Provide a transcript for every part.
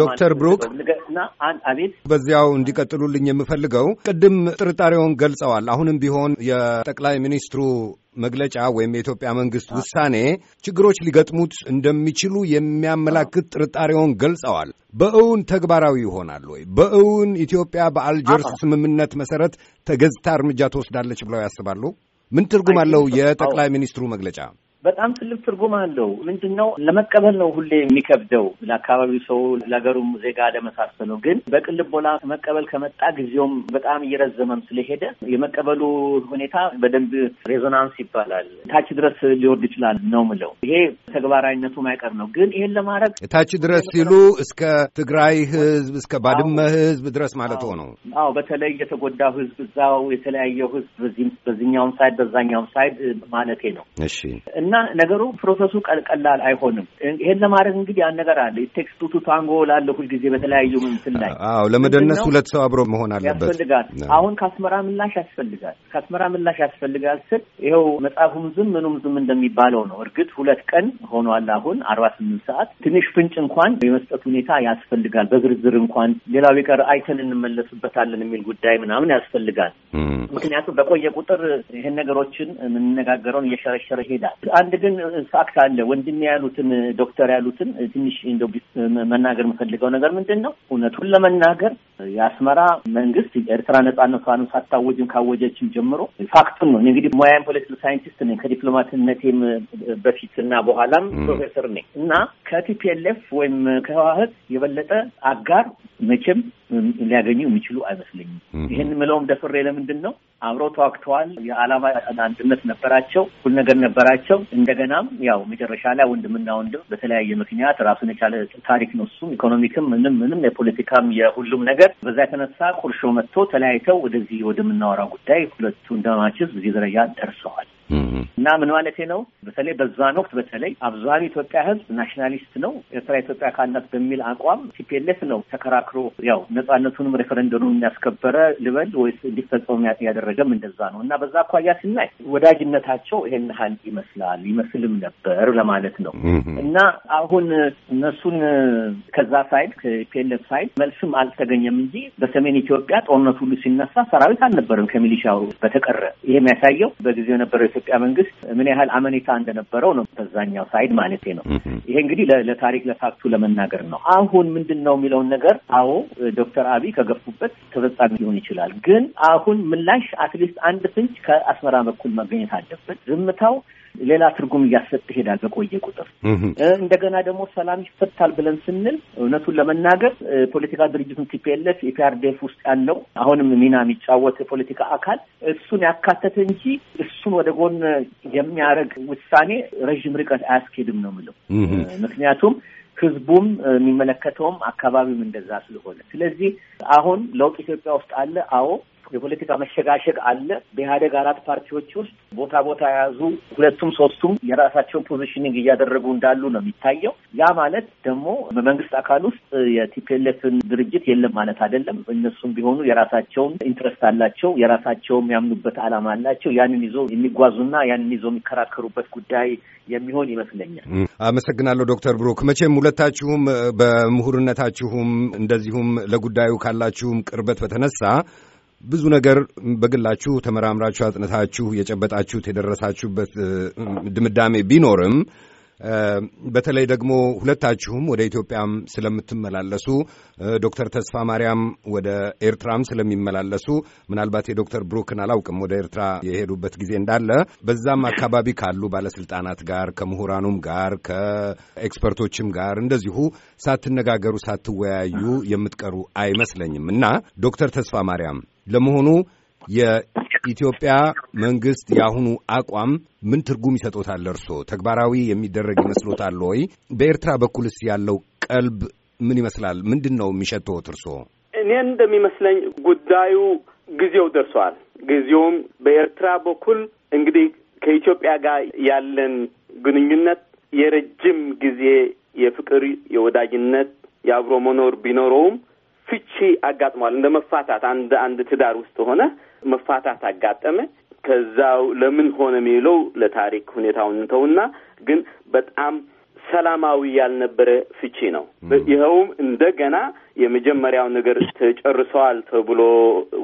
ዶክተር ብሩክ በዚያው እንዲቀጥሉልኝ የምፈልገው ቅድም ጥርጣሬውን ገልጸዋል። አሁንም ቢሆን የጠቅላይ ሚኒስትሩ መግለጫ ወይም የኢትዮጵያ መንግስት ውሳኔ ችግሮች ሊገጥሙት እንደሚችሉ የሚያመላክት ጥርጣሬውን ገልጸዋል። በእውን ተግባራዊ ይሆናል ወይ? በእውን ኢትዮጵያ በአልጀርስ ስምምነት መሰረት ተገዝታ እርምጃ ትወስዳለች ብለው ያስባሉ? ምን ትርጉም አለው የጠቅላይ ሚኒስትሩ መግለጫ? በጣም ትልቅ ትርጉም አለው። ምንድን ነው ለመቀበል ነው ሁሌ የሚከብደው ለአካባቢው ሰው፣ ለሀገሩም ዜጋ ለመሳሰለው። ግን ቦላ መቀበል ከመጣ ጊዜውም በጣም እየረዘመም ስለሄደ የመቀበሉ ሁኔታ በደንብ ሬዞናንስ ይባላል ታች ድረስ ሊወርድ ይችላል ነው ምለው። ይሄ ተግባራዊነቱ ማይቀር ነው። ግን ይሄን ለማድረግ ታች ድረስ ሲሉ እስከ ትግራይ ህዝብ እስከ ባድመ ህዝብ ድረስ ማለት ነው። አዎ በተለይ የተጎዳው ህዝብ እዛው የተለያየው ህዝብ በዚህኛውም ሳይድ በዛኛውም ሳይድ ማለቴ ነው እና እና ነገሩ ፕሮሰሱ ቀላል አይሆንም። ይሄን ለማድረግ እንግዲህ ነገር አለ ቴክስቱ ቱ ታንጎ ላለ ሁልጊዜ በተለያዩ ምምስል ላይ አዎ፣ ለመደነስ ሁለት ሰው አብሮ መሆን አለበት ያስፈልጋል። አሁን ከአስመራ ምላሽ ያስፈልጋል። ከአስመራ ምላሽ ያስፈልጋል ስል ይኸው መጽሐፉም ዝም ምኑም ዝም እንደሚባለው ነው። እርግጥ ሁለት ቀን ሆኗል። አሁን አርባ ስምንት ሰዓት ትንሽ ፍንጭ እንኳን የመስጠት ሁኔታ ያስፈልጋል። በዝርዝር እንኳን ሌላው ቢቀር አይተን እንመለስበታለን የሚል ጉዳይ ምናምን ያስፈልጋል። ምክንያቱም በቆየ ቁጥር ይህን ነገሮችን የምንነጋገረውን እየሸረሸረ ይሄዳል። አንድ ግን ፋክት አለ። ወንድም ያሉትን ዶክተር ያሉትን ትንሽ መናገር የምፈልገው ነገር ምንድን ነው እውነቱን ለመናገር የአስመራ መንግስት የኤርትራ ነጻነቷን ሳታወጅም ካወጀችም ጀምሮ ፋክቱን ነው። እንግዲህ ሙያም ፖለቲካል ሳይንቲስት ነኝ ከዲፕሎማትነቴም በፊት እና በኋላም ፕሮፌሰር ነኝ እና ከቲፒኤልኤፍ ወይም ከህዋህት የበለጠ አጋር መቼም ሊያገኙ የሚችሉ አይመስለኝም። ይህን ምለውም ደፍሬ ለምንድን ነው አብረው ተዋግተዋል። የዓላማ አንድነት ነበራቸው፣ ሁል ነገር ነበራቸው። እንደገናም ያው መጨረሻ ላይ ወንድምና ወንድም በተለያየ ምክንያት ራሱን የቻለ ታሪክ ነው። እሱም ኢኮኖሚክም፣ ምንም ምንም የፖለቲካም የሁሉም ነገር በዛ የተነሳ ቁርሾ መጥቶ ተለያይተው ወደዚህ ወደምናወራው ጉዳይ ሁለቱ እንደማችስ በዚህ ደረጃ ደርሰዋል። እና ምን ማለቴ ነው? በተለይ በዛን ወቅት በተለይ አብዛኑ ኢትዮጵያ ህዝብ ናሽናሊስት ነው። ኤርትራ ኢትዮጵያ ካላት በሚል አቋም ሲፒኤልኤፍ ነው ተከራክሮ ያው ነጻነቱንም ሬፈረንደሙን ያስከበረ ልበል ወይስ እንዲፈጸሙ ያደረገም እንደዛ ነው። እና በዛ አኳያ ስናይ ወዳጅነታቸው ይሄን ያህል ይመስላል ይመስልም ነበር ለማለት ነው። እና አሁን እነሱን ከዛ ሳይድ ከፒኤልኤፍ ሳይድ መልስም አልተገኘም እንጂ በሰሜን ኢትዮጵያ ጦርነት ሁሉ ሲነሳ ሰራዊት አልነበረም ከሚሊሻው በተቀረ ይሄ የሚያሳየው በጊዜው የነበረው የኢትዮጵያ መንግስት ምን ያህል አመኔታ እንደነበረው ነው። በዛኛው ሳይድ ማለት ነው። ይሄ እንግዲህ ለታሪክ ለፋክቱ ለመናገር ነው። አሁን ምንድን ነው የሚለውን ነገር አዎ፣ ዶክተር አብይ ከገፉበት ተፈጻሚ ሊሆን ይችላል። ግን አሁን ምላሽ አትሊስት አንድ ፍንጭ ከአስመራ በኩል መገኘት አለበት። ዝምታው ሌላ ትርጉም እያሰጥ ይሄዳል በቆየ ቁጥር። እንደገና ደግሞ ሰላም ይፈታል ብለን ስንል እውነቱን ለመናገር ፖለቲካ ድርጅቱን ቲፒኤልኤፍ ኢፒአርዴፍ ውስጥ ያለው አሁንም ሚና የሚጫወት የፖለቲካ አካል እሱን ያካተተ እንጂ እሱን ወደ ጎን የሚያደርግ ውሳኔ ረዥም ርቀት አያስኬድም ነው የምለው። ምክንያቱም ህዝቡም የሚመለከተውም አካባቢም እንደዛ ስለሆነ፣ ስለዚህ አሁን ለውጥ ኢትዮጵያ ውስጥ አለ። አዎ የፖለቲካ መሸጋሸግ አለ። በኢህአደግ አራት ፓርቲዎች ውስጥ ቦታ ቦታ የያዙ ሁለቱም ሶስቱም የራሳቸውን ፖዚሽኒንግ እያደረጉ እንዳሉ ነው የሚታየው። ያ ማለት ደግሞ በመንግስት አካል ውስጥ የቲፒኤልኤፍን ድርጅት የለም ማለት አይደለም። እነሱም ቢሆኑ የራሳቸውን ኢንትረስት አላቸው፣ የራሳቸው የሚያምኑበት አላማ አላቸው። ያንን ይዞ የሚጓዙና ያንን ይዞ የሚከራከሩበት ጉዳይ የሚሆን ይመስለኛል። አመሰግናለሁ ዶክተር ብሩክ። መቼም ሁለታችሁም በምሁርነታችሁም እንደዚሁም ለጉዳዩ ካላችሁም ቅርበት በተነሳ ብዙ ነገር በግላችሁ ተመራምራችሁ አጥንታችሁ የጨበጣችሁት የደረሳችሁበት ድምዳሜ ቢኖርም በተለይ ደግሞ ሁለታችሁም ወደ ኢትዮጵያም ስለምትመላለሱ ዶክተር ተስፋ ማርያም ወደ ኤርትራም ስለሚመላለሱ ምናልባት የዶክተር ብሩክን አላውቅም ወደ ኤርትራ የሄዱበት ጊዜ እንዳለ በዛም አካባቢ ካሉ ባለስልጣናት ጋር ከምሁራኑም ጋር ከኤክስፐርቶችም ጋር እንደዚሁ ሳትነጋገሩ ሳትወያዩ የምትቀሩ አይመስለኝም እና ዶክተር ተስፋ ማርያም ለመሆኑ የኢትዮጵያ መንግስት የአሁኑ አቋም ምን ትርጉም ይሰጦታል? እርስዎ ተግባራዊ የሚደረግ ይመስሎታል ወይ? በኤርትራ በኩልስ ያለው ቀልብ ምን ይመስላል? ምንድን ነው የሚሸተዎት እርስዎ? እኔ እንደሚመስለኝ ጉዳዩ ጊዜው ደርሷል። ጊዜውም በኤርትራ በኩል እንግዲህ ከኢትዮጵያ ጋር ያለን ግንኙነት የረጅም ጊዜ የፍቅር የወዳጅነት የአብሮ መኖር ቢኖረውም ፍቺ አጋጥሟል። እንደ መፋታት አንድ አንድ ትዳር ውስጥ ሆነ መፋታት አጋጠመ። ከዛው ለምን ሆነ የሚለው ለታሪክ ሁኔታውን እንተውና ግን በጣም ሰላማዊ ያልነበረ ፍቺ ነው። ይኸውም እንደገና የመጀመሪያው ነገር ተጨርሰዋል ተብሎ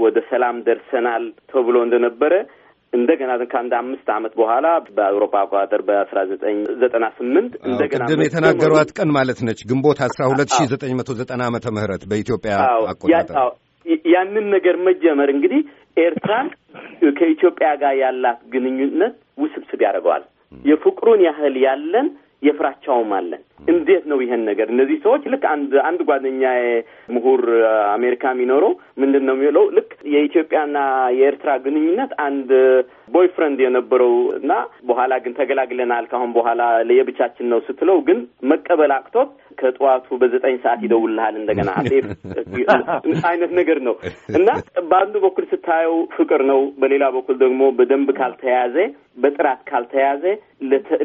ወደ ሰላም ደርሰናል ተብሎ እንደነበረ እንደገና ከአንድ አምስት ዓመት በኋላ በአውሮፓ አቆጣጠር በአስራ ዘጠኝ ዘጠና ስምንት እንደገና ቅድም የተናገሯት ቀን ማለት ነች ግንቦት አስራ ሁለት ሺ ዘጠኝ መቶ ዘጠና አመተ ምህረት በኢትዮጵያ አቆጣጠር ያንን ነገር መጀመር እንግዲህ ኤርትራን ከኢትዮጵያ ጋር ያላት ግንኙነት ውስብስብ ያደርገዋል። የፍቅሩን ያህል ያለን የፍራቻውም አለን። እንዴት ነው ይሄን ነገር እነዚህ ሰዎች ልክ አንድ አንድ ጓደኛ ምሁር አሜሪካ የሚኖረው ምንድን ነው የሚለው ልክ የኢትዮጵያና የኤርትራ ግንኙነት አንድ ቦይፍሬንድ የነበረው እና በኋላ ግን ተገላግለናል፣ ካሁን በኋላ ለየብቻችን ነው ስትለው ግን መቀበል አቅቶት ከጠዋቱ በዘጠኝ ሰዓት ይደውልሃል እንደገና አይነት ነገር ነው እና በአንዱ በኩል ስታየው ፍቅር ነው፣ በሌላ በኩል ደግሞ በደንብ ካልተያዘ በጥራት ካልተያዘ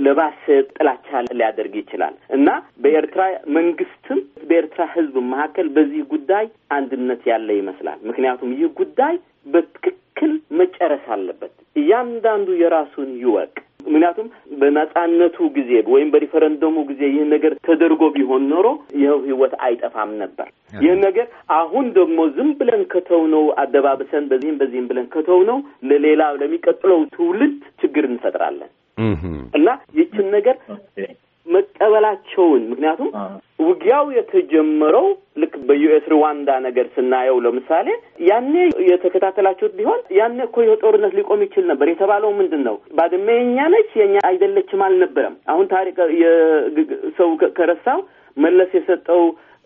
ለባሰ ጥላቻ ሊያደርግ ይችላል እና በኤርትራ መንግስትም በኤርትራ ህዝብ መካከል በዚህ ጉዳይ አንድነት ያለ ይመስላል። ምክንያቱም ይህ ጉዳይ በትክክል መጨረስ አለበት። እያንዳንዱ የራሱን ይወቅ። ምክንያቱም በነጻነቱ ጊዜ ወይም በሪፈረንደሙ ጊዜ ይህን ነገር ተደርጎ ቢሆን ኖሮ ይኸው ህይወት አይጠፋም ነበር። ይህን ነገር አሁን ደግሞ ዝም ብለን ነው አደባብሰን በዚህም በዚህም ብለን ነው ለሌላ ለሚቀጥለው ትውልድ ችግር እንፈጥራለን እና ይችን ነገር መቀበላቸውን ምክንያቱም ውጊያው የተጀመረው ልክ በዩኤስ ሩዋንዳ ነገር ስናየው ለምሳሌ ያኔ የተከታተላችሁት ቢሆን ያኔ እኮ የጦርነት ሊቆም ይችል ነበር የተባለው ምንድን ነው? ባድመ የኛ ነች የኛ አይደለችም አልነበረም። አሁን ታሪክ ሰው ከረሳው መለስ የሰጠው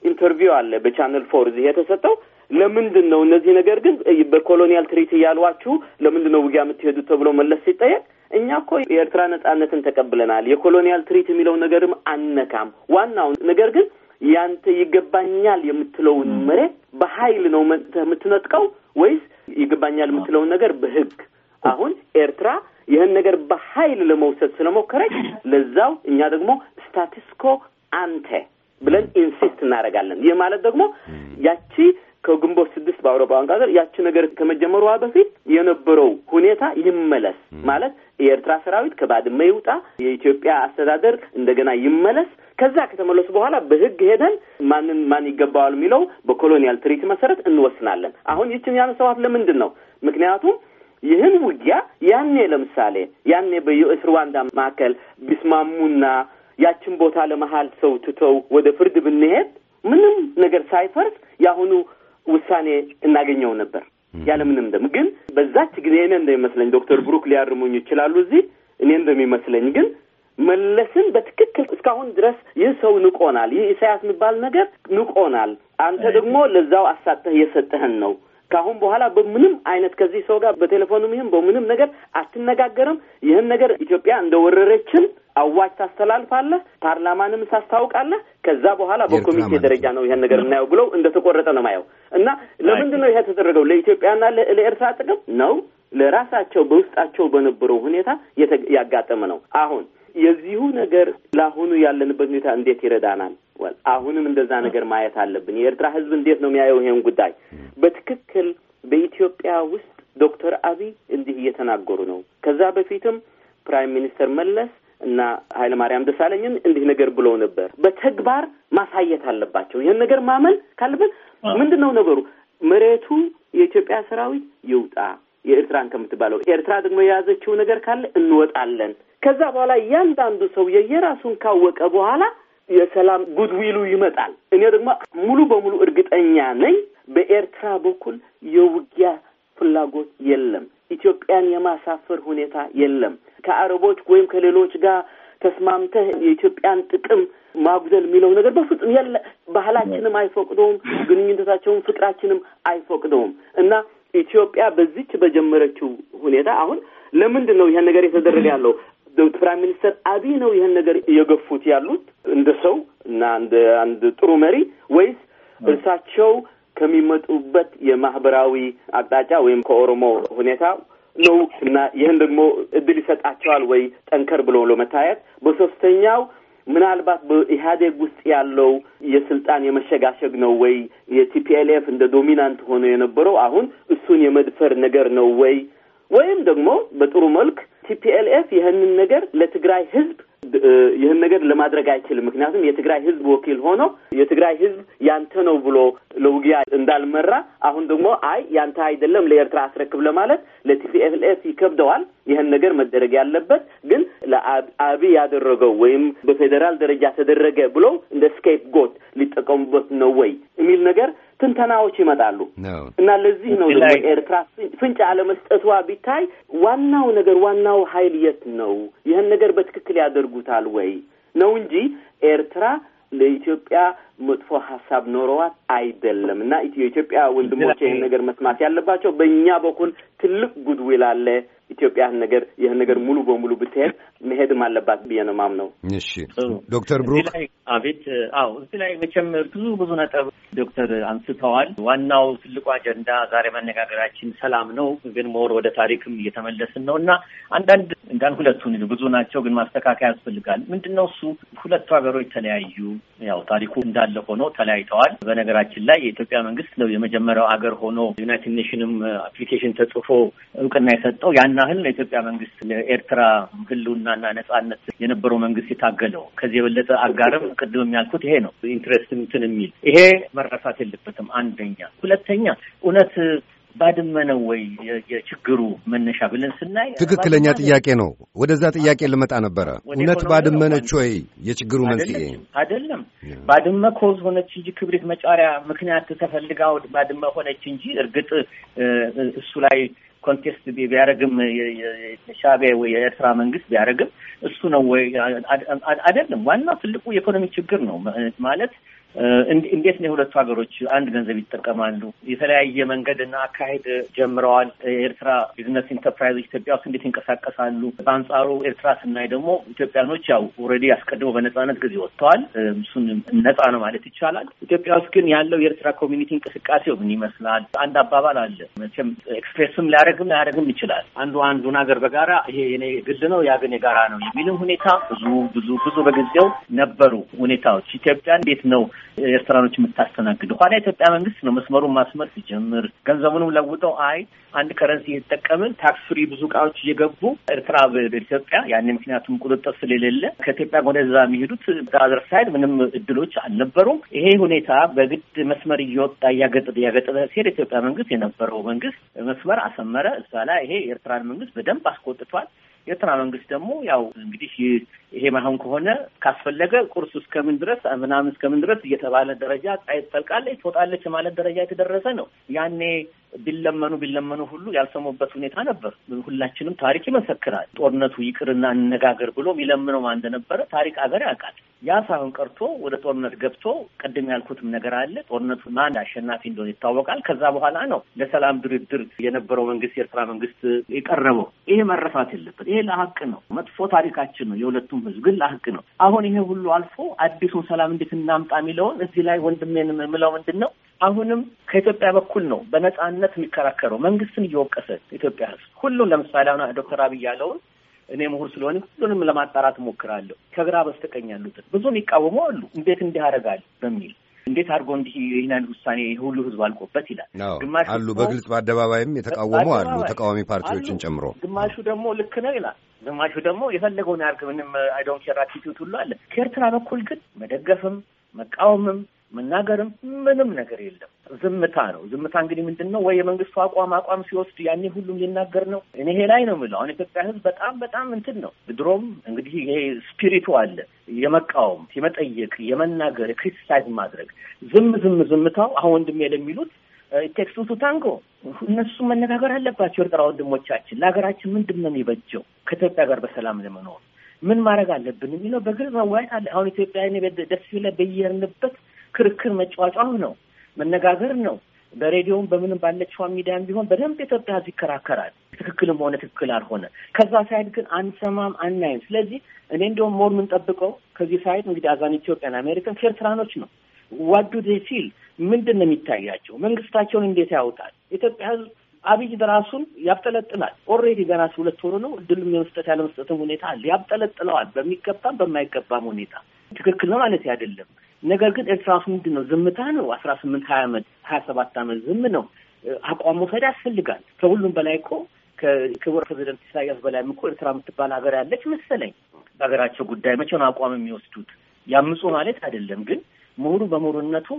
ኢንተርቪው አለ በቻነል ፎር እዚህ የተሰጠው ለምንድን ነው እነዚህ ነገር ግን በኮሎኒያል ትሪት እያሏችሁ ለምንድን ነው ውጊያ የምትሄዱት ተብሎ መለስ ሲጠየቅ እኛ እኮ የኤርትራ ነጻነትን ተቀብለናል የኮሎኒያል ትሪት የሚለው ነገርም አነካም ዋናው ነገር ግን ያንተ ይገባኛል የምትለውን መሬት በኃይል ነው የምትነጥቀው ወይስ ይገባኛል የምትለውን ነገር በህግ አሁን ኤርትራ ይህን ነገር በኃይል ለመውሰድ ስለሞከረች ለዛው እኛ ደግሞ ስታቲስኮ አንተ ብለን ኢንሲስት እናደርጋለን። ይህ ማለት ደግሞ ያቺ ከግንቦት ስድስት በአውሮፓውያን ሀገር ያቺ ነገር ከመጀመሯ በፊት የነበረው ሁኔታ ይመለስ ማለት የኤርትራ ሰራዊት ከባድመ ይውጣ፣ የኢትዮጵያ አስተዳደር እንደገና ይመለስ። ከዛ ከተመለሱ በኋላ በህግ ሄደን ማንን ማን ይገባዋል የሚለው በኮሎኒያል ትሪት መሰረት እንወስናለን። አሁን ይችን ያነሳኋት ለምንድን ነው? ምክንያቱም ይህን ውጊያ ያኔ ለምሳሌ ያኔ በዩኤስ ሩዋንዳ መካከል ቢስማሙና ያችን ቦታ ለመሀል ሰው ትተው ወደ ፍርድ ብንሄድ ምንም ነገር ሳይፈርስ የአሁኑ ውሳኔ እናገኘው ነበር ያለምንም ደም። ግን በዛች ግን እኔ እንደሚመስለኝ ዶክተር ብሩክ ሊያርሙኝ ይችላሉ እዚህ እኔ እንደሚመስለኝ ግን መለስን በትክክል እስካሁን ድረስ ይህ ሰው ንቆናል፣ ይህ ኢሳያስ የሚባል ነገር ንቆናል። አንተ ደግሞ ለዛው አሳተህ የሰጠህን ነው። ከአሁን በኋላ በምንም አይነት ከዚህ ሰው ጋር በቴሌፎኑም ይሁን በምንም ነገር አትነጋገርም። ይህን ነገር ኢትዮጵያ እንደወረረችን አዋጅ ታስተላልፋለህ፣ ፓርላማንም ታስታውቃለህ። ከዛ በኋላ በኮሚቴ ደረጃ ነው ይሄን ነገር እናየው ብለው እንደተቆረጠ ነው ማየው እና ለምንድን ነው ይሄ ተደረገው? ለኢትዮጵያና ለኤርትራ ጥቅም ነው? ለራሳቸው በውስጣቸው በነበረው ሁኔታ ያጋጠመ ነው። አሁን የዚሁ ነገር ለአሁኑ ያለንበት ሁኔታ እንዴት ይረዳናል? አሁንም እንደዛ ነገር ማየት አለብን። የኤርትራ ሕዝብ እንዴት ነው የሚያየው ይሄን ጉዳይ? በትክክል በኢትዮጵያ ውስጥ ዶክተር አብይ እንዲህ እየተናገሩ ነው። ከዛ በፊትም ፕራይም ሚኒስተር መለስ እና ኃይለ ማርያም ደሳለኝን እንዲህ ነገር ብለው ነበር። በተግባር ማሳየት አለባቸው። ይህን ነገር ማመን ካለብን ምንድን ነው ነገሩ? መሬቱ የኢትዮጵያ ሰራዊት ይውጣ የኤርትራን ከምትባለው ኤርትራ ደግሞ የያዘችው ነገር ካለ እንወጣለን። ከዛ በኋላ እያንዳንዱ ሰው የየራሱን ካወቀ በኋላ የሰላም ጉድዊሉ ይመጣል። እኔ ደግሞ ሙሉ በሙሉ እርግጠኛ ነኝ በኤርትራ በኩል የውጊያ ፍላጎት የለም። ኢትዮጵያን የማሳፈር ሁኔታ የለም። ከአረቦች ወይም ከሌሎች ጋር ተስማምተህ የኢትዮጵያን ጥቅም ማጉደል የሚለው ነገር በፍጹም የለ። ባህላችንም አይፈቅደውም፣ ግንኙነታቸውን ፍቅራችንም አይፈቅደውም እና ኢትዮጵያ በዚች በጀመረችው ሁኔታ አሁን ለምንድን ነው ይህን ነገር የተደረገ ያለው? ፕራይም ሚኒስተር አብይ ነው ይህን ነገር የገፉት ያሉት እንደ ሰው እና እንደ አንድ ጥሩ መሪ ወይስ እርሳቸው ከሚመጡበት የማህበራዊ አቅጣጫ ወይም ከኦሮሞ ሁኔታ ነው እና ይህን ደግሞ እድል ይሰጣቸዋል ወይ ጠንከር ብሎ ለመታየት በሶስተኛው ምናልባት በኢህአዴግ ውስጥ ያለው የስልጣን የመሸጋሸግ ነው ወይ የቲፒኤልኤፍ እንደ ዶሚናንት ሆኖ የነበረው አሁን እሱን የመድፈር ነገር ነው ወይ ወይም ደግሞ በጥሩ መልክ ቲፒኤልኤፍ ይህንን ነገር ለትግራይ ህዝብ ይህን ነገር ለማድረግ አይችልም። ምክንያቱም የትግራይ ህዝብ ወኪል ሆኖ የትግራይ ህዝብ ያንተ ነው ብሎ ለውጊያ እንዳልመራ አሁን ደግሞ አይ ያንተ አይደለም ለኤርትራ አስረክብ ለማለት ለቲፒኤልኤፍ ይከብደዋል። ይህን ነገር መደረግ ያለበት ግን ለአብይ ያደረገው ወይም በፌዴራል ደረጃ ተደረገ ብሎ እንደ ስኬፕ ጎት ሊጠቀሙበት ነው ወይ የሚል ነገር ትንተናዎች ይመጣሉ እና ለዚህ ነው ደግሞ ኤርትራ ፍንጭ አለመስጠቷ ቢታይ ዋናው ነገር ዋናው ኃይል የት ነው? ይህን ነገር በትክክል ያደርጉታል ወይ ነው እንጂ ኤርትራ ለኢትዮጵያ መጥፎ ሀሳብ ኖረዋት አይደለም። እና የኢትዮጵያ ወንድሞች ይህን ነገር መስማት ያለባቸው። በእኛ በኩል ትልቅ ጉድዊል አለ። ኢትዮጵያን ነገር ይህን ነገር ሙሉ በሙሉ ብትሄድ መሄድም አለባት ብዬ ነው እሺ ዶክተር ብሩክ አቤት። አዎ እዚህ ላይ መቼም ብዙ ብዙ ነጥብ ዶክተር አንስተዋል። ዋናው ትልቁ አጀንዳ ዛሬ መነጋገራችን ሰላም ነው፣ ግን ሞር ወደ ታሪክም እየተመለስን ነው እና አንዳንድ እንዳን ሁለቱን ብዙ ናቸው፣ ግን ማስተካከያ ያስፈልጋል። ምንድን ነው እሱ ሁለቱ ሀገሮች ተለያዩ። ያው ታሪኩ እንዳለ ሆኖ ተለያይተዋል። በነገራችን ላይ የኢትዮጵያ መንግስት ነው የመጀመሪያው ሀገር ሆኖ ዩናይትድ ኔሽንም አፕሊኬሽን ተጽፎ እውቅና የሰጠው ያን ያህል ለኢትዮጵያ መንግስት ለኤርትራ ህልውናና ነጻነት የነበረው መንግስት የታገለው ከዚህ የበለጠ አጋርም ቅድም ያልኩት ይሄ ነው። ኢንትረስት እንትን የሚል ይሄ መረሳት የለበትም። አንደኛ። ሁለተኛ እውነት ባድመ ነው ወይ የችግሩ መነሻ ብለን ስናይ ትክክለኛ ጥያቄ ነው። ወደዛ ጥያቄ ልመጣ ነበረ። እውነት ባድመ ነች ወይ የችግሩ መንስኤ? አይደለም። ባድመ ኮዝ ሆነች እንጂ ክብሪት መጫሪያ ምክንያት ተፈልጋ ባድመ ሆነች እንጂ እርግጥ እሱ ላይ ኮንቴስት ቢያደረግም የሻዕቢያ ወይ የኤርትራ መንግስት ቢያደረግም እሱ ነው ወይ አይደለም። ዋናው ትልቁ የኢኮኖሚ ችግር ነው ማለት እንዴት ነው የሁለቱ ሀገሮች አንድ ገንዘብ ይጠቀማሉ? የተለያየ መንገድ እና አካሄድ ጀምረዋል። የኤርትራ ቢዝነስ ኢንተርፕራይዞች ኢትዮጵያ ውስጥ እንዴት ይንቀሳቀሳሉ? በአንጻሩ ኤርትራ ስናይ ደግሞ ኢትዮጵያኖች ያው ኦልሬዲ አስቀድሞ በነጻነት ጊዜ ወጥተዋል። እሱን ነጻ ነው ማለት ይቻላል። ኢትዮጵያ ውስጥ ግን ያለው የኤርትራ ኮሚኒቲ እንቅስቃሴው ምን ይመስላል? አንድ አባባል አለ መቼም ኤክስፕሬስም ሊያደርግም ላያደርግም ይችላል። አንዱ አንዱን ሀገር በጋራ ይሄ የኔ ግል ነው፣ ያ ግን የጋራ ነው የሚልም ሁኔታ ብዙ ብዙ ብዙ በጊዜው ነበሩ ሁኔታዎች ኢትዮጵያ እንዴት ነው ኤርትራኖች የምታስተናግድ ኋላ የኢትዮጵያ መንግስት ነው መስመሩን ማስመር ሲጀምር ገንዘቡንም ለውጠው አይ አንድ ከረንሲ እየተጠቀምን ታክስ ፍሪ ብዙ እቃዎች እየገቡ ኤርትራ በኢትዮጵያ ያኔ ምክንያቱም ቁጥጥር ስለሌለ ከኢትዮጵያ ወደዛ የሚሄዱት በአዘር ሳይድ ምንም እድሎች አልነበሩም። ይሄ ሁኔታ በግድ መስመር እየወጣ እያገጠጠ እያገጠጠ ሲሄድ ኢትዮጵያ መንግስት የነበረው መንግስት መስመር አሰመረ። እዛ ላይ ይሄ የኤርትራን መንግስት በደንብ አስቆጥቷል። የኤርትራ መንግስት ደግሞ ያው እንግዲህ ይሄ ማይሆን ከሆነ ካስፈለገ ቁርስ እስከምን ድረስ ምናምን እስከምን ድረስ እየተባለ ደረጃ ፀሐይ ትጠልቃለች ትወጣለች ማለት ደረጃ የተደረሰ ነው። ያኔ ቢለመኑ ቢለመኑ ሁሉ ያልሰሙበት ሁኔታ ነበር። ሁላችንም ታሪክ ይመሰክራል። ጦርነቱ ይቅርና እንነጋገር ብሎ የሚለምነው ማን እንደነበረ ታሪክ አገር ያውቃል። ያ ሳይሆን ቀርቶ ወደ ጦርነት ገብቶ ቅድም ያልኩትም ነገር አለ። ጦርነቱ ማን አሸናፊ እንደሆነ ይታወቃል። ከዛ በኋላ ነው ለሰላም ድርድር የነበረው መንግስት የኤርትራ መንግስት የቀረበው። ይሄ መረሳት የለበት። ይሄ ለሀቅ ነው። መጥፎ ታሪካችን ነው የሁለቱም ሁሉም ህዝብን ለሀቅ ነው። አሁን ይሄ ሁሉ አልፎ አዲሱን ሰላም እንዴት እናምጣ የሚለውን እዚህ ላይ ወንድሜን የምለው ምንድን ነው አሁንም ከኢትዮጵያ በኩል ነው በነጻነት የሚከራከረው መንግስትን እየወቀሰ ኢትዮጵያ ህዝብ ሁሉም ለምሳሌ አሁን ዶክተር አብይ ያለውን እኔ ምሁር ስለሆነ ሁሉንም ለማጣራት እሞክራለሁ። ከግራ በስተቀኝ ያሉትን ብዙ የሚቃወሙ አሉ። እንዴት እንዲህ አደርጋለሁ በሚል እንዴት አድርጎ እንዲህ ይህንን ውሳኔ ሁሉ ህዝብ አልቆበት ይላል። ግማሽ አሉ በግልጽ በአደባባይም የተቃወሙ አሉ፣ ተቃዋሚ ፓርቲዎችን ጨምሮ። ግማሹ ደግሞ ልክ ነው ይላል፣ ግማሹ ደግሞ የፈለገውን ያርግ፣ ምንም አይዶን ኬር አቲቲዩድ ሁሉ አለ። ከኤርትራ በኩል ግን መደገፍም መቃወምም መናገርም ምንም ነገር የለም። ዝምታ ነው። ዝምታ እንግዲህ ምንድን ነው ወይ የመንግስቱ አቋም አቋም ሲወስድ ያኔ ሁሉም ሊናገር ነው። እኔ ይሄ ላይ ነው የምለው። አሁን ኢትዮጵያ ህዝብ በጣም በጣም እንትን ነው። ድሮም እንግዲህ ይሄ ስፒሪቱ አለ፣ የመቃወም የመጠየቅ፣ የመናገር፣ የክሪቲሳይዝ ማድረግ ዝም ዝም ዝምታው አሁን ወንድሜ ለሚሉት ቴክስቱ ቱ ታንጎ እነሱ መነጋገር አለባቸው። ኤርትራ ወንድሞቻችን ለሀገራችን ምንድን ነው የሚበጀው? ከኢትዮጵያ ጋር በሰላም ለመኖር ምን ማድረግ አለብን የሚለው በግልጽ መወያየት አለ። አሁን ኢትዮጵያ ደስ ይለ በየርንበት ክርክር መጫዋጫሁ ነው። መነጋገር ነው። በሬዲዮም በምንም ባለችዋ ሚዲያም ቢሆን በደንብ የኢትዮጵያ ሕዝብ ይከራከራል፣ ትክክልም ሆነ ትክክል አልሆነ። ከዛ ሳይድ ግን አንሰማም፣ አናይም። ስለዚህ እኔ እንዲሁም ሞር የምንጠብቀው ከዚህ ሳይድ እንግዲህ አዛን ኢትዮጵያን አሜሪካን ከኤርትራኖች ነው ዋዱ ሲል ምንድን ነው የሚታያቸው? መንግስታቸውን እንዴት ያውጣል? ኢትዮጵያ ሕዝብ አብይ በራሱን ያብጠለጥላል። ኦልሬዲ ገና ሁለት ወሩ ነው። እድልም የመስጠት ያለመስጠትም ሁኔታ አለ። ያብጠለጥለዋል በሚገባም በማይገባም ሁኔታ። ትክክል ነው ማለት አይደለም። ነገር ግን ኤርትራ ውስጥ ምንድን ነው ዝምታ ነው። አስራ ስምንት ሀያ አመት ሀያ ሰባት አመት ዝም ነው። አቋም መውሰድ ያስፈልጋል። ከሁሉም በላይ እኮ ከክቡር ፕሬዚደንት ኢሳያስ በላይ እኮ ኤርትራ የምትባል ሀገር ያለች መሰለኝ። በሀገራቸው ጉዳይ መቼ ነው አቋም የሚወስዱት? ያምፁ ማለት አይደለም ግን ምሁሩ በምሁርነቱ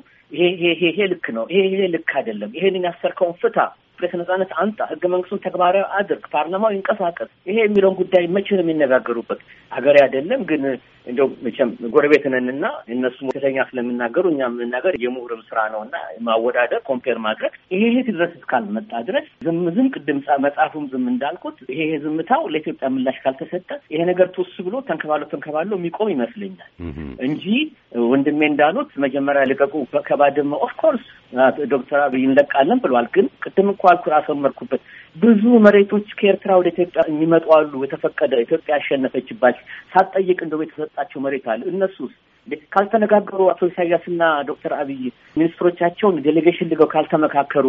ይሄ ልክ ነው፣ ይሄ ይሄ ልክ አይደለም፣ ይሄንን ያሰርከውን ፍታ፣ ፕሬስ ነጻነት አንጣ፣ ህገ መንግስቱን ተግባራዊ አድርግ፣ ፓርላማው ይንቀሳቀስ፣ ይሄ የሚለውን ጉዳይ መቼ ነው የሚነጋገሩበት? ሀገር አይደለም ግን እንደው መቼም ጎረቤት ነን እነሱ ሞተኛ ስለምናገሩ እኛ የምናገር የምሁርም ስራ ነው እና ማወዳደር፣ ኮምፔር ማድረግ ይሄ ሄት ድረስ እስካልመጣ ድረስ ዝም ዝም ቅድም መጽሐፉም ዝም እንዳልኩት ይሄ ዝምታው ለኢትዮጵያ ምላሽ ካልተሰጠ ይሄ ነገር ቱስ ብሎ ተንከባሎ ተንከባሎ የሚቆም ይመስለኛል እንጂ ወንድሜ እንዳሉት መጀመሪያ ልቀቁ ከባድመ ኦፍኮርስ ዶክተር አብይ እንለቃለን ብለዋል። ግን ቅድም እኮ አልኩ አሰመርኩበት ብዙ መሬቶች ከኤርትራ ወደ ኢትዮጵያ የሚመጡ አሉ። የተፈቀደ ኢትዮጵያ ያሸነፈችባቸው ሳትጠይቅ እንደው የተሰጣቸው መሬት አለ። እነሱስ ካልተነጋገሩ አቶ ኢሳያስና ዶክተር አብይ ሚኒስትሮቻቸውን ዴሌጌሽን ልገው ካልተመካከሩ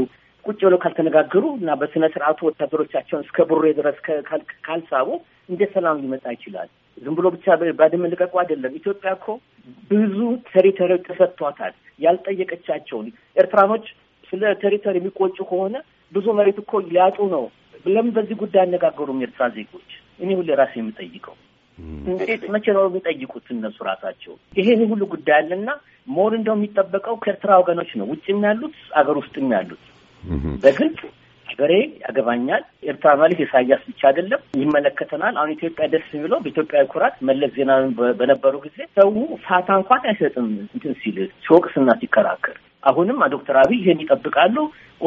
ቁጭ ብለው ካልተነጋገሩ እና በስነ ስርዓቱ ወታደሮቻቸውን እስከ ቡሬ ድረስ ካልሳቡ እንደ ሰላም ሊመጣ ይችላል? ዝም ብሎ ብቻ ባድመ ልቀቁ አይደለም። ኢትዮጵያ እኮ ብዙ ቴሪቶሪ ተሰጥቷታል ያልጠየቀቻቸውን። ኤርትራኖች ስለ ቴሪቶሪ የሚቆጩ ከሆነ ብዙ መሬት እኮ ሊያጡ ነው። ለምን በዚህ ጉዳይ አነጋገሩም? ኤርትራ ዜጎች እኔ ሁሌ ራሴ የምጠይቀው እንዴት መቼ ነው የሚጠይቁት እነሱ ራሳቸው ይሄን ሁሉ ጉዳይ አለና ሞር እንደው የሚጠበቀው ከኤርትራ ወገኖች ነው ውጭም ያሉት አገር ውስጥም ያሉት በግልጽ ሀገሬ ያገባኛል ኤርትራ ማለት ኢሳያስ ብቻ አይደለም ይመለከተናል አሁን ኢትዮጵያ ደስ የሚለው በኢትዮጵያዊ ኩራት መለስ ዜናዊ በነበሩ ጊዜ ሰው ፋታ እንኳን አይሰጥም እንትን ሲል ሲወቅስና ሲከራከር አሁንም ዶክተር አብይ ይሄን ይጠብቃሉ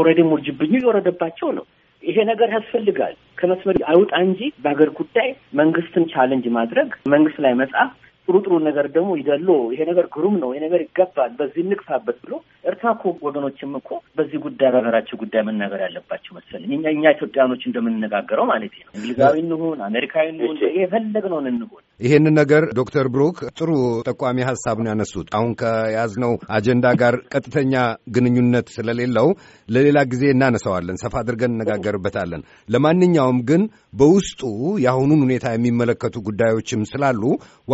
ኦልሬዲ ሙርጅብኙ የወረደባቸው ነው ይሄ ነገር ያስፈልጋል። ከመስመር አይውጣ እንጂ በሀገር ጉዳይ መንግስትን ቻለንጅ ማድረግ መንግስት ላይ መጽሐፍ ጥሩ ጥሩ ነገር ደግሞ ይደሎ ይሄ ነገር ግሩም ነው፣ ይሄ ነገር ይገባል፣ በዚህ እንግፋበት ብሎ ኤርትራ እኮ ወገኖችም እኮ በዚህ ጉዳይ በሀገራቸው ጉዳይ መናገር ያለባቸው መሰለኝ። እኛ እኛ ኢትዮጵያኖች እንደምንነጋገረው ማለት ነው። እንግሊዛዊ እንሁን አሜሪካዊ እንሁን የፈለግነውን እንሁን ይሄንን ነገር ዶክተር ብሩክ ጥሩ ጠቋሚ ሀሳብ ነው ያነሱት። አሁን ከያዝነው አጀንዳ ጋር ቀጥተኛ ግንኙነት ስለሌለው ለሌላ ጊዜ እናነሳዋለን፣ ሰፋ አድርገን እነጋገርበታለን። ለማንኛውም ግን በውስጡ የአሁኑን ሁኔታ የሚመለከቱ ጉዳዮችም ስላሉ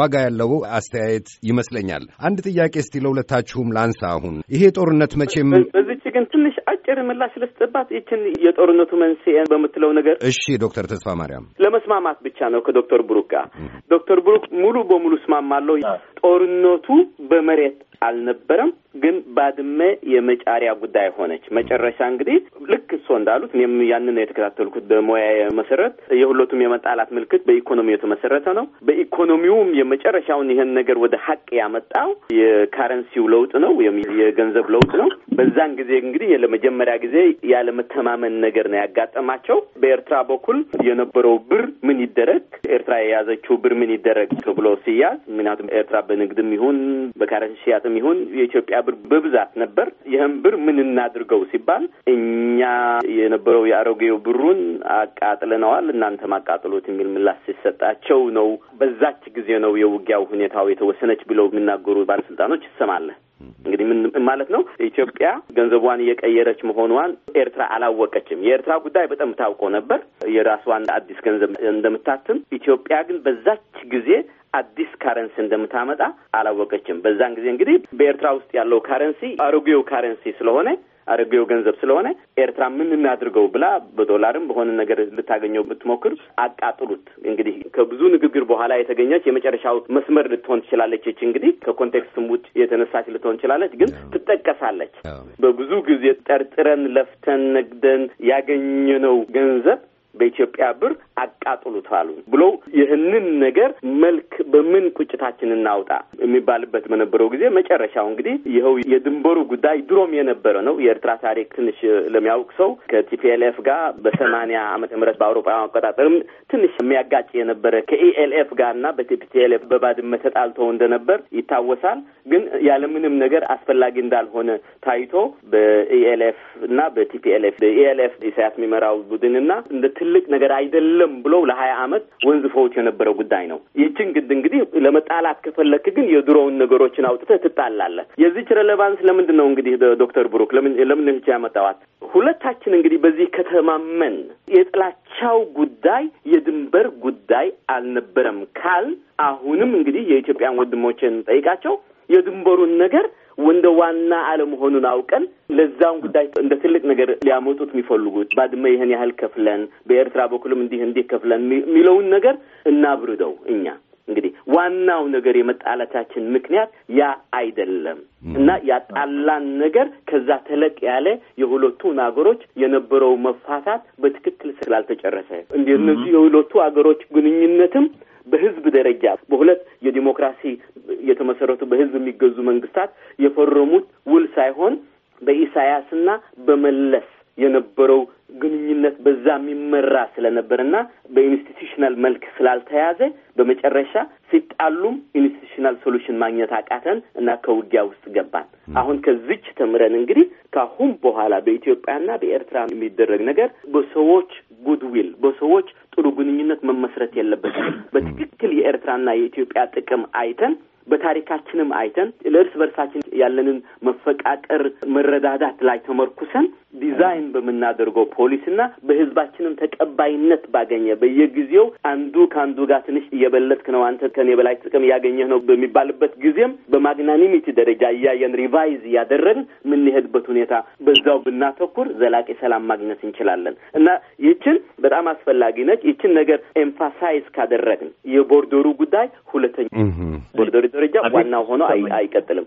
ዋጋ ያለው አስተያየት ይመስለኛል። አንድ ጥያቄ እስቲ ለሁለታችሁም ላንሳ። አሁን ይሄ ጦርነት መቼም በዚች ግን ትንሽ አጭር ምላሽ ልስጥባት ይችን የጦርነቱ መንስኤ በምትለው ነገር። እሺ ዶክተር ተስፋ ማርያም ለመስማማት ብቻ ነው ከዶክተር ብሩክ ጋር ዶክተር ዶክተር ብሩክ ሙሉ በሙሉ እስማማለሁ። ጦርነቱ በመሬት አልነበረም። ግን ባድመ የመጫሪያ ጉዳይ ሆነች። መጨረሻ እንግዲህ ልክ እሶ እንዳሉት እኔም ያንን የተከታተልኩት በሙያ መሰረት የሁለቱም የመጣላት ምልክት በኢኮኖሚ የተመሰረተ ነው። በኢኮኖሚውም የመጨረሻውን ይህን ነገር ወደ ሀቅ ያመጣው የካረንሲው ለውጥ ነው የገንዘብ ለውጥ ነው። በዛን ጊዜ እንግዲህ ለመጀመሪያ ጊዜ ያለመተማመን ነገር ነው ያጋጠማቸው። በኤርትራ በኩል የነበረው ብር ምን ይደረግ፣ ኤርትራ የያዘችው ብር ምን ይደረግ ብሎ ሲያዝ ምክንያቱም ኤርትራ በንግድም ይሁን በካረንሲ ሽያጥም ይሁን የኢትዮጵያ ብር በብዛት ነበር። ይህም ብር ምን እናድርገው ሲባል እኛ የነበረው የአሮጌው ብሩን አቃጥለነዋል፣ እናንተም አቃጥሎት የሚል ምላሽ ሲሰጣቸው ነው። በዛች ጊዜ ነው የውጊያው ሁኔታው የተወሰነች ብለው የሚናገሩ ባለስልጣኖች ይሰማለህ። እንግዲህ ምን ማለት ነው? ኢትዮጵያ ገንዘቧን እየቀየረች መሆኗን ኤርትራ አላወቀችም። የኤርትራ ጉዳይ በጣም ታውቆ ነበር፣ የራሷን አዲስ ገንዘብ እንደምታትም። ኢትዮጵያ ግን በዛች ጊዜ አዲስ ካረንሲ እንደምታመጣ አላወቀችም። በዛን ጊዜ እንግዲህ በኤርትራ ውስጥ ያለው ካረንሲ አሮጌው ካረንሲ ስለሆነ አረጌው ገንዘብ ስለሆነ ኤርትራ ምን እናድርገው ብላ በዶላርም በሆነ ነገር ልታገኘው ብትሞክር አቃጥሉት። እንግዲህ ከብዙ ንግግር በኋላ የተገኘች የመጨረሻው መስመር ልትሆን ትችላለች። ይች እንግዲህ ከኮንቴክስትም ውጭ የተነሳች ልትሆን ትችላለች፣ ግን ትጠቀሳለች። በብዙ ጊዜ ጠርጥረን ለፍተን ነግደን ያገኘነው ገንዘብ በኢትዮጵያ ብር አቃጥሉታሉ ብሎ ይህንን ነገር መልክ በምን ቁጭታችን እናውጣ የሚባልበት በነበረው ጊዜ መጨረሻው እንግዲህ ይኸው የድንበሩ ጉዳይ ድሮም የነበረ ነው። የኤርትራ ታሪክ ትንሽ ለሚያውቅ ሰው ከቲፒኤልኤፍ ጋር በሰማንያ ዓመተ ምህረት በአውሮፓውያን አቆጣጠርም ትንሽ የሚያጋጭ የነበረ ከኢኤልኤፍ ጋር እና በቲፒኤልኤፍ በባድመ ተጣልተው እንደነበር ይታወሳል። ግን ያለምንም ነገር አስፈላጊ እንዳልሆነ ታይቶ በኢኤልኤፍ እና በቲፒኤልኤፍ በኢኤልኤፍ ኢሳያስ የሚመራው ቡድን እና እንደ ትልቅ ነገር አይደለም ብለው ለሀያ ዓመት ወንዝፈውት የነበረው ጉዳይ ነው። ይህችን ግድ እንግዲህ ለመጣላት ከፈለክ ግን የድሮውን ነገሮችን አውጥተህ ትጣላለህ። የዚች ሬሌቫንስ ለምንድን ነው እንግዲህ ዶክተር ብሩክ ለምን ህች ያመጣዋት? ሁለታችን እንግዲህ በዚህ ከተማመን የጥላቻው ጉዳይ የድንበር ጉዳይ አልነበረም ካል አሁንም እንግዲህ የኢትዮጵያን ወንድሞችን ጠይቃቸው የድንበሩን ነገር እንደ ዋና አለመሆኑን አውቀን ለዛውን ጉዳይ እንደ ትልቅ ነገር ሊያመጡት የሚፈልጉት ባድመ ይህን ያህል ከፍለን በኤርትራ በኩልም እንዲህ እንዲህ ከፍለን የሚለውን ነገር እናብርደው። እኛ እንግዲህ ዋናው ነገር የመጣላታችን ምክንያት ያ አይደለም እና ያጣላን ነገር ከዛ ተለቅ ያለ የሁለቱ አገሮች የነበረው መፋታት በትክክል ስላልተጨረሰ እንዲህ እነዚህ የሁለቱ አገሮች ግንኙነትም በህዝብ ደረጃ በሁለት የዲሞክራሲ የተመሰረቱ በህዝብ የሚገዙ መንግስታት የፈረሙት ውል ሳይሆን በኢሳያስና በመለስ የነበረው ግንኙነት በዛ የሚመራ ስለነበርና በኢንስቲቱሽናል መልክ ስላልተያዘ በመጨረሻ ሲጣሉም ኢንስቲቱሽናል ሶሉሽን ማግኘት አቃተን እና ከውጊያ ውስጥ ገባን። አሁን ከዚች ተምረን እንግዲህ ካሁን በኋላ በኢትዮጵያና በኤርትራ የሚደረግ ነገር በሰዎች ጉድዊል በሰዎች ጥሩ ግንኙነት መመስረት የለበትም። በትክክል የኤርትራና የኢትዮጵያ ጥቅም አይተን በታሪካችንም አይተን ለእርስ በርሳችን ያለንን መፈቃቀር መረዳዳት ላይ ተመርኩሰን ዲዛይን በምናደርገው ፖሊሲና በህዝባችንም ተቀባይነት ባገኘ በየጊዜው አንዱ ከአንዱ ጋር ትንሽ እየበለጥክ ነው አንተ ከኔ በላይ ጥቅም እያገኘህ ነው በሚባልበት ጊዜም በማግናኒሚቲ ደረጃ እያየን ሪቫይዝ እያደረግን የምንሄድበት ሁኔታ በዛው ብናተኩር ዘላቂ ሰላም ማግኘት እንችላለን እና ይችን በጣም አስፈላጊ ነች። ይችን ነገር ኤምፋሳይዝ ካደረግን የቦርደሩ ጉዳይ ሁለተኛ ቦርደሩ ደረጃ ዋናው ሆኖ አይቀጥልም።